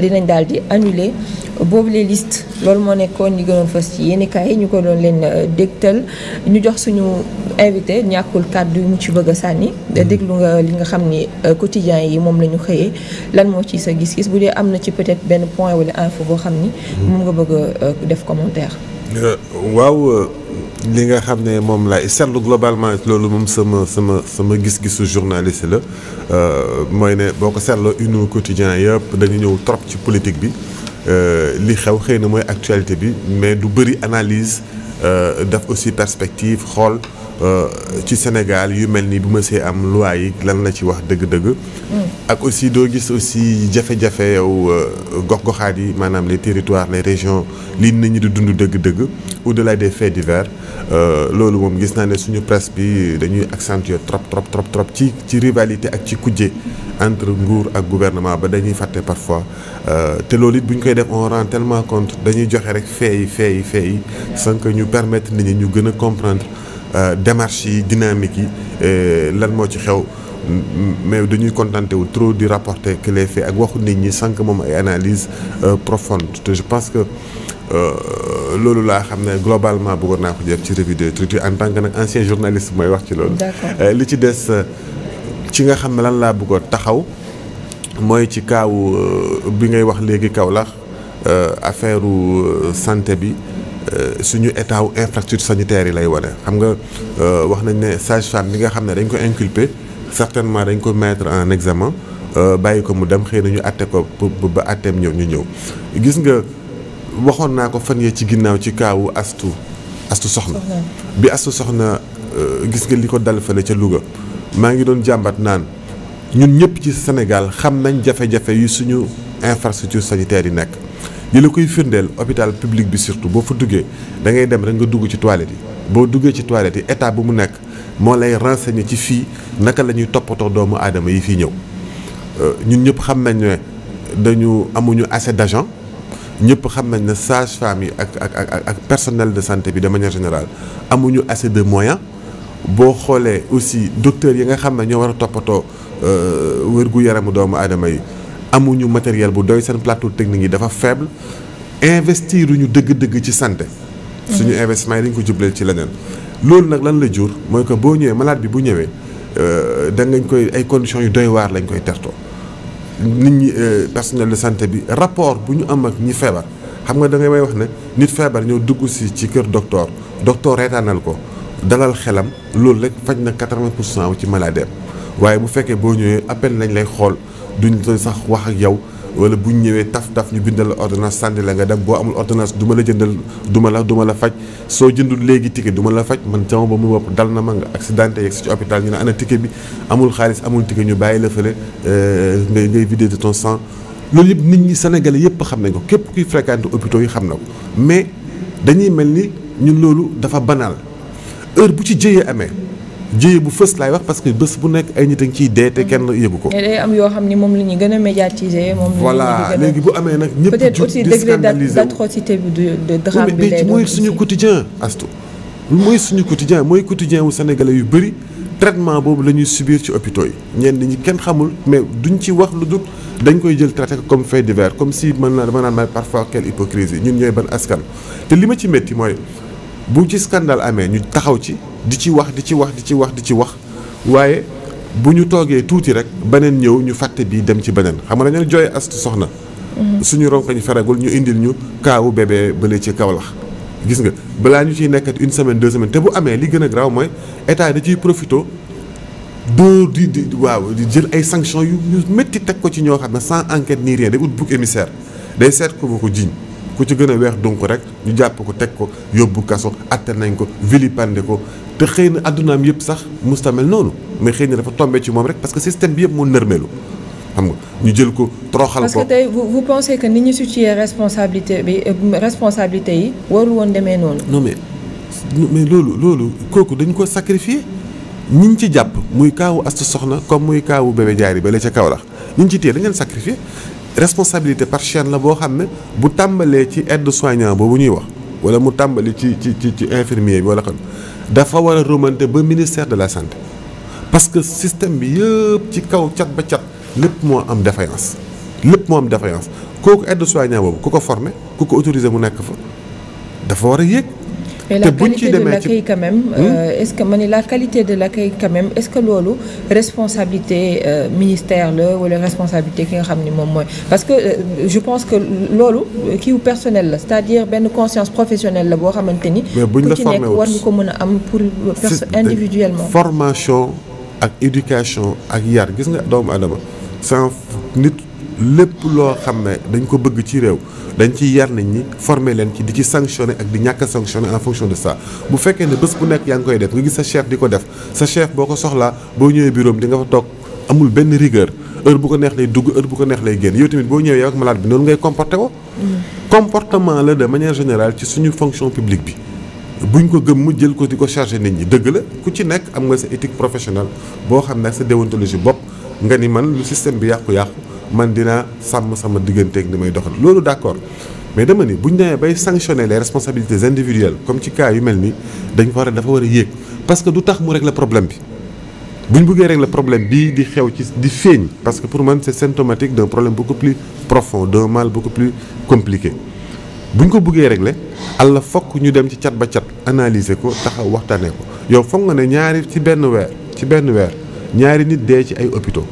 dinañ daal di annuler boobu les listes loolu moo nekkoon li gënoon fas ci yéen ñu ko doon leen euh, dégtal ñu jox suñu invité ñàkkul kàddu yu mu ci bëgg sànni sànni. Mm-hmm. déglu nga li nga xam ni euh, quotidien yi moom la ñu xëyee lan moo ci sa gis-gis bu dee am na ci peut-être benn point wala info boo xam ni. Mm-hmm. moom nga bëgg a euh, def commentaire. Euh, waaw euh, li nga xam ne moom laay seetlu globalement loolu moom sama sama sama gis-gisu journaliste la euh, mooy ne boo ko seetloo une quotidien yëpp dañu ñëw trop ci politique bi li xew xëy na mooy actualité bi mais du bëri analyse daf aussi perspective xool. Euh, ci Sénégal yu mel nii bu ma see am loi yi lan la ci wax dëgg-dëgg. Mm. ak aussi doo gis aussi jafe-jafe yow euh, gox-goxaat yi maanaam les territoires les régions li nit ñi di dund dëgg-dëgg au-delà des faits divers euh, loolu moom gis naa ne suñu presse bi dañuy accentuer trop trop trop trop ci ci rivalité ak ci kujje entre nguur ak gouvernement ba dañuy fàtte parfois te loolu it bu ñu koy def on rend tellement compte dañuy joxe rek fee yi fee yi ñu permettre nit ñi ñu gën a comprendre. Euh, démarche yi dynamique yi euh, lan moo ci xew mais dañuy contenté wu trop di rapporter que les ak waxu nit ñi sànq moom ay analyse euh, profonde te je pense que loolu laa xam ne globalement buggoon naa ko jëf ci revue de truc en tant que nag ancien journaliste mooy wax ci loolu li ci des ci nga xam ne lan laa bëggoon taxaw mooy ci kaaw bi ngay wax léegi Kaolack affaire santé bi Euh, suñu état wu infrastructure sanitaire yi lay wane xam nga euh, wax nañ ne sage-femme bi nga xam ne dañ ko inculpé certainement dañ ko mettre en examen euh, bàyyi ko mu dem xëy na ñu àtte ko pour ba àtteem ñëw ñu ñëw gis nga waxoon naa ko fan yi ci ginnaaw ci kaawu astu astu soxna bi astu soxna gis nga li ko dal fële ca Louga maa ngi doon jàmbat naan ñun ñëpp ci Sénégal xam nañ jafe-jafe yu suñu infrastructure sanitaire yi nekk li la koy firndeel hôpital public bi surtout boo fa duggee dangay ngay dem rek nga dugg ci toilette yi boo duggee ci toilette yi état bu mu nekk moo lay renseigner ci fii naka la ñuy toppatoo doomu aadama yi fii ñëw euh, ñun ñëpp xam nañ ne dañu amuñu assez d'argent ñëpp xam nañ ne sage femme yi ak ak ak personnel de santé bi de manière générale amuñu assez de moyens boo xoolee aussi docteur yi nga xam ne ñoo war a toppatoo euh, wér gu yaramu doomu aadama yi amuñu matériel bu doy seen plateau technique yi dafa faible investir ñu dëgg-dëgg ci santé suñu mhm. investissement yi dañ ko jubleel ci leneen loolu nag lan la jur mooy que boo ñëwee malade bi bu ñëwee euh, da ngañ koy ay conditions yu doy waar lañ koy tertoo nit ñi euh, personnel de santé bi rapport bu ñu am ak ñi feebar xam nga da may wax ne nit feebar ñëw dugg si ci kër docteur docteur reetaanal ko dalal xelam loolu rek faj na 80 pour cent ci maladie waaye bu fekkee boo ñëwee appel nañ lay xool duñ sax wax ak yow wala buñ ñëwee taf taf ñu bindal la ordonnance sànni la nga dem boo amul ordonnance du la jëndal du la du ma faj soo jëndul léegi ticket duma la faj man sama ba mu wopp dal na ma nga accidenté yegg si ci hôpital ñu ne ana ticket bi amul xaalis amul ticket ñu bàyyi la fële euh, ngay ngay vider de ton sang loolu yëpp nit ñi sénégalais yëpp xam nañ ko képp kuy fréquenté hôpitaux yi xam na ko mais dañuy mel ni ñun loolu dafa banal heure bu ci jëyee amee jëye bu fës laay wax parce que bés bu nekk ay nit a ngi ciy dee te mhm. kenn yëgu ko. mais am yoo xam ni moom la ñu gën a médiatiser. moom voilà léegi bu amee nag. ñëpp peut-être aussi degré d'atrocité bi de drame bi lay mooy suñu quotidien Astou mooy suñu quotidien mooy quotidien wu sénégalais yu bëri traitement boobu la ñuy subir ci hôpitaux yi ñenn ñi kenn xamul mais duñ ci wax lu dul dañ koy jël traité ko comme fait divers comme si mën naa dama naan may parfois quelle hypocrisie ñun ñooy ban askan te li ma ci métti mooy. bu ci scandale amee ñu taxaw ci di ci wax di ci wax di ci wax di ci wax waaye bu ñu toogee tuuti rek beneen ñëw ñu fàtte bii dem ci beneen xam nga dañu jooy astu soxna. Mm-hmm. suñu ronkañ feragul ñu indil ñu kaawu bébé bële ci Kaolack. gis nga balaa ñu ciy nekkat une semaine deux semaines te bu amee li gën a graaw mooy état da ciy profito doo di di waaw di jël ay sanctions yu métti teg ko ci ñoo xam ne sans enquête ni rien day ut bouc émissaire day seet ko ko jiñ. ku ci gën a weex donc rek ñu jàpp ko teg ko yóbbu kaso atte nañ ko vilipande ko te xëy na addunaam yëpp sax mustamel noonu mais xëy na dafa tombe ci moom rek parce que système bi yëpp moo nërmeelu xam nga ñu jël ko toroxal ko parce que tey vous vous pensez ni ñu situé responsabilité bi euh, woon demee noonu. non loolu loolu kooku dañ ko sacrifié ñi ñu ci jàpp muy kaawu Astu Soxna comme muy kaawu bébé jaari yi la ca kaw la ñu ci téye dañ leen responsabilité par la boo xam ne bu tàmbalee ci aide soignant boobu ñuy wax wala mu tàmbali ci ci ci ci infirmier bi wala xam dafa war a remonter ba ministère de la santé parce que système bi yëpp ci kaw cat ba cat lépp moo am défaillance lépp moo am défaillance kooku aide soignant boobu ku ko formé ku ko autorisé mu nekk fa dafa war a yéeg. mais la qualité de l'accueil quand même hmm? euh, est-ce que ma ne la qualité de l'accueil quand même est-ce que loolu responsabilité euh, ministère la wala responsabilité ki nga xam ni moom mooy parce que euh, je pense que loolu kiiw personnel la c'est-à-dire benn conscience professionnelle la boo xamante ni ku ci nekk war ñu ko mën a am pour individuellement formation ak éducation ak yar gis nga doomu adama sans nit lépp loo xam ne dañ ko bëgg ci réew dañ ci yar nit ñi former leen ci di ci sanctionner ak di ñàkk a sanctionner en fonction de ça bu fekkee ne bés bu nekk yaa ngi koy def nga gis sa chef di ko def sa chef boo ko soxlaa boo ñëwee bureau di nga fa toog amul benn rigueur heure bu ko neex lay dugg heure bu ko neex lay génn yow tamit boo ñëwee yow ak malade bi noonu ngay comporté ko mm. comportement la de manière général ci suñu fonction publique bi buñ ko gëm mu jël ko di ko chargé nit ñi dëgg la ku ci nekk am nga sa éthique professionnelle boo xam ne ak sa bopp nga ni man lu bi yàqu-yàqu man dinaa sàmm sama digganteeg ni may doxal loolu d'accord mais dama ni buñ ñu bay sanctionner les responsabilités individuelles comme ci cas yu mel ni dañ ko war a dafa war a yéeg parce que du tax mu la problème bi bu ñu bëggee la problème bi di xew ci di feeñ parce que pour man c'est symptomatique d'un problème beaucoup plus profond d'un mal ko plus compliqué bu ñu ko bëggee régler alla fokk ñu dem ci cat ba cat analyser ko taxaw waxtaanee ko yow foog nga ne ñaari ci benn weer ci benn weer ñaari nit dee ci ay hôpitaux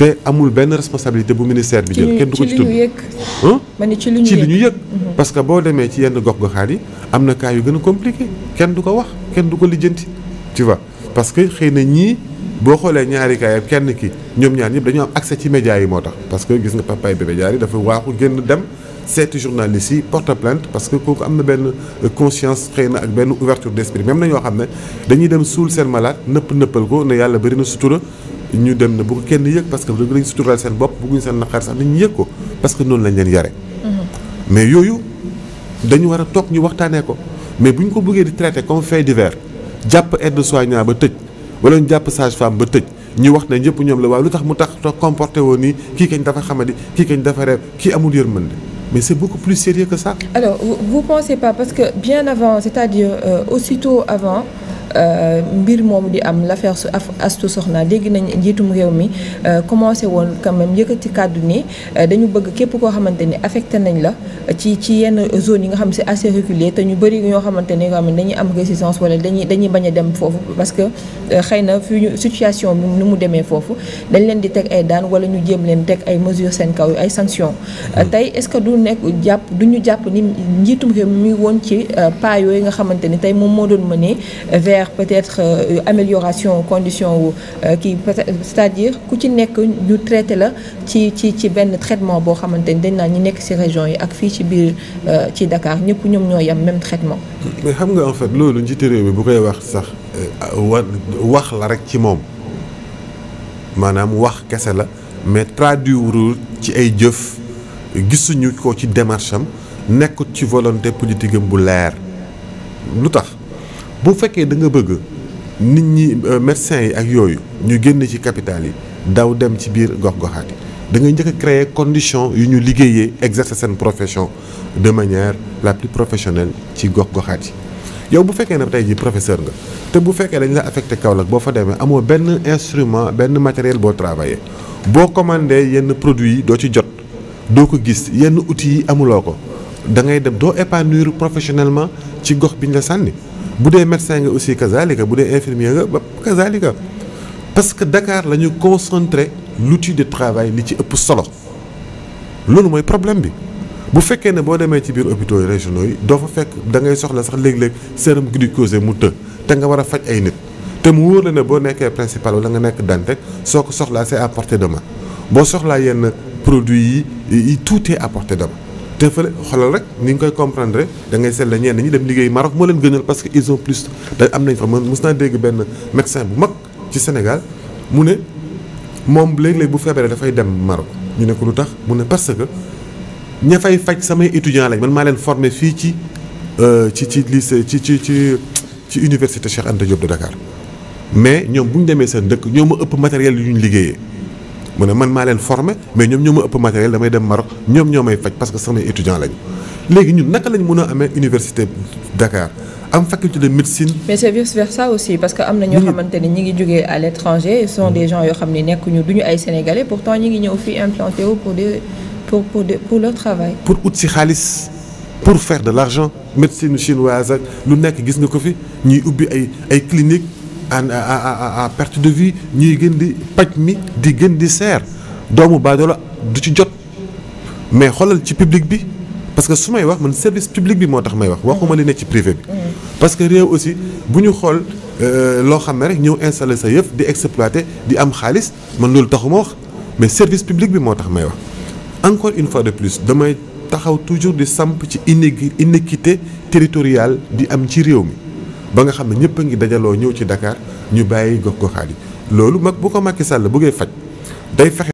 te amul benn responsabilité bu ministère bi jël kenn du ko ci tudd ma ci li ñu yëg mhm. parce que boo demee ci yenn gox-goxaan yi am na cas yu gën a compliqué kenn du ko wax kenn du ko lijjanti ci vois parce que xëy na ñii boo xoolee ñaari cas yi kenn ki ñoom ñaan ñëpp dañu am accès ci médias yi moo tax parce que gis nga papaay bébé jaar yi dafa waaxu génn dem seeti journalistes yi porte plainte parce que kooku am na benn euh, conscience xëy na ak benn ouverture d'esprit même na ñoo xam ne dañuy dem suul seen malade nëpp nëppal ne yàlla bëri na sutura ñu dem na bu ko kenn yëg parce que bëgg nañ sutural seen bopp bëgguñ seen naqar sax nañu yëg ko parce que noonu lañ leen yare mhm. mais yooyu dañu war a toog ñu waxtaanee ko mais bu ñu ko bëggee di traité comme fait divers jàpp aide soignant ba tëj wala ñu jàpp sage femme ba tëj ñu wax ne ñëpp ñoom la waaw lu tax mu tax comporté woon nii kii kañ dafa xamadi kii kañ dafa reew kii amul yërmande mais c'est beaucoup plus sérieux que ça. alors vous pensez pas que bien avant c'est-à-dire euh, aussitôt Euh, mbir moom di am l'affaire su Astou Sokhna dégg nañ njiitum réew mi euh, commencé woon quand même yëkkati kàddu ni euh, dañu bëgg képp koo xamante ni affecté nañ la ci ci yenn zone yi nga xam si assez reculé ñu bëri ñoo xamante ni dañuy am résistance wala dañuy dañuy bañ a dem foofu parce que xëy na fi ñu situation bi ni mu demee foofu dañ leen di teg ay daan wala ñu jéem leen teg ay mesures seen kaw ay sanctions tey est-ce que du nekku jàpp du ñu jàpp ni njiitum réew mi woon ci pas yi nga xamante ni tey moom moo doon mënee vers faire peut-être euh, amélioration condition wu euh, kii c'est-à-dire ku ci nekk ñu traité la ci ci ci benn traitement boo xamante ni dañ naa ñi nekk ci région yi ak fii ci biir euh, ci Dakar ñëpp ñoom ñoo yam même traitement. mais xam nga en fait loolu njiité réew mi bu koy wax sax wax la rek ci moom maanaam wax kese la mais traduire ci ay jëf gisuñu ko ci démarche am nekkut ci volonté politique am bu leer lu tax. bu fekkee da nga bëgg nit ñi euh, médecins yi ak yooyu ñu génne ci capital yi daw dem ci biir gox-goxaat yi da ngay njëkk créer condition yu ñu liggéeyee exercer seen profession de manière la plus professionnelle ci gox-goxaat yi yow bu fekkee ne tey jii professeur nga te bu fekkee dañ la affecté Kaolack boo fa demee amoo benn instrument benn matériel boo travaillé boo commandé yenn produits yi doo ci jot doo ko gis yenn outils yi amuloo ko da ngay dem doo épanouir professionnellement ci gox bi ñu sànni bu dee médecin nga aussi kazalika bu dee infirmier nga ba kazalika parce que Dakar la ñu concentré l'outil de travail li ci ëpp solo loolu mooy problème bi bu fekkee ne boo demee ci biir hôpitaux yi régionaux yi doo fa fekk da ngay soxla sax léeg-léeg sérum glucosé mu të te nga war a faj ay nit te mu wóor la ne boo nekkee principal wala nga nekk dante soo ko soxlaa c'est à portée de main boo soxlaa yenn produits yi tout est à te fële xoolal rek ni nga koy comprendre da ngay seet la ñeen ñi dem liggéey Maroc moo leen gënal parce que ils da am nañ fa man mus naa dégg benn médecin bu mag ci senegal mu ne moom léeg-léeg bu feebaree dafay dem Maroc ñu ne ko lu tax mu ne parce que ña fay faj samay étudiant lañ man maa leen formé fii ci euh, ci ci lycée ci ci ci ci université Cheikh Anta Diop de Dakar mais ñoom bu ñu demee seen dëkk ñoo ma ëpp matériel yu ñu liggéeyee. mu ne man maa leen formé mais ñoom ñoo ma ëpp matériel damay dem Maroc ñoom ñoo may faj parce que samay étudiant lañ léegi ñun naka lañ mën a amee université Dakar am faculté de médecine. mais c'est vice versa aussi parce que am na ñoo xamante ni ñi ngi jógee à l'étranger sont des gens yoo xam ne nekkuñu duñu ay sénégalais pourtant ñi ngi ñëw fii implanté wu pour des pour pour des pour leur travail. pour ut si xaalis pour faire de l'argent médecine chinoise ak lu nekk gis nga ko fi ñuy ubbi ay ay cliniques. à perte de vie ñuy gën di paj mi di gën di seer doomu baadoola du ci jot mais xoolal ci public bi parce que su may wax man service public bi moo tax may wax waxuma li ci privé bi parce que réew aussi bu ñu xool euh, loo xam ne rek ñëw installé sa yëf di exploité di am xaalis man loolu taxuma wax mais service public bi moo tax may wax encore une fois de plus damay taxaw toujours di samp ci inégi inéquité territoriale di am ci réew mi ba nga xam ne ñëpp a ngi dajaloo ñëw ci dakaar ñu bàyyi gox goxaat yi loolu mag bu ko Macky Sall bëggee faj day fexe.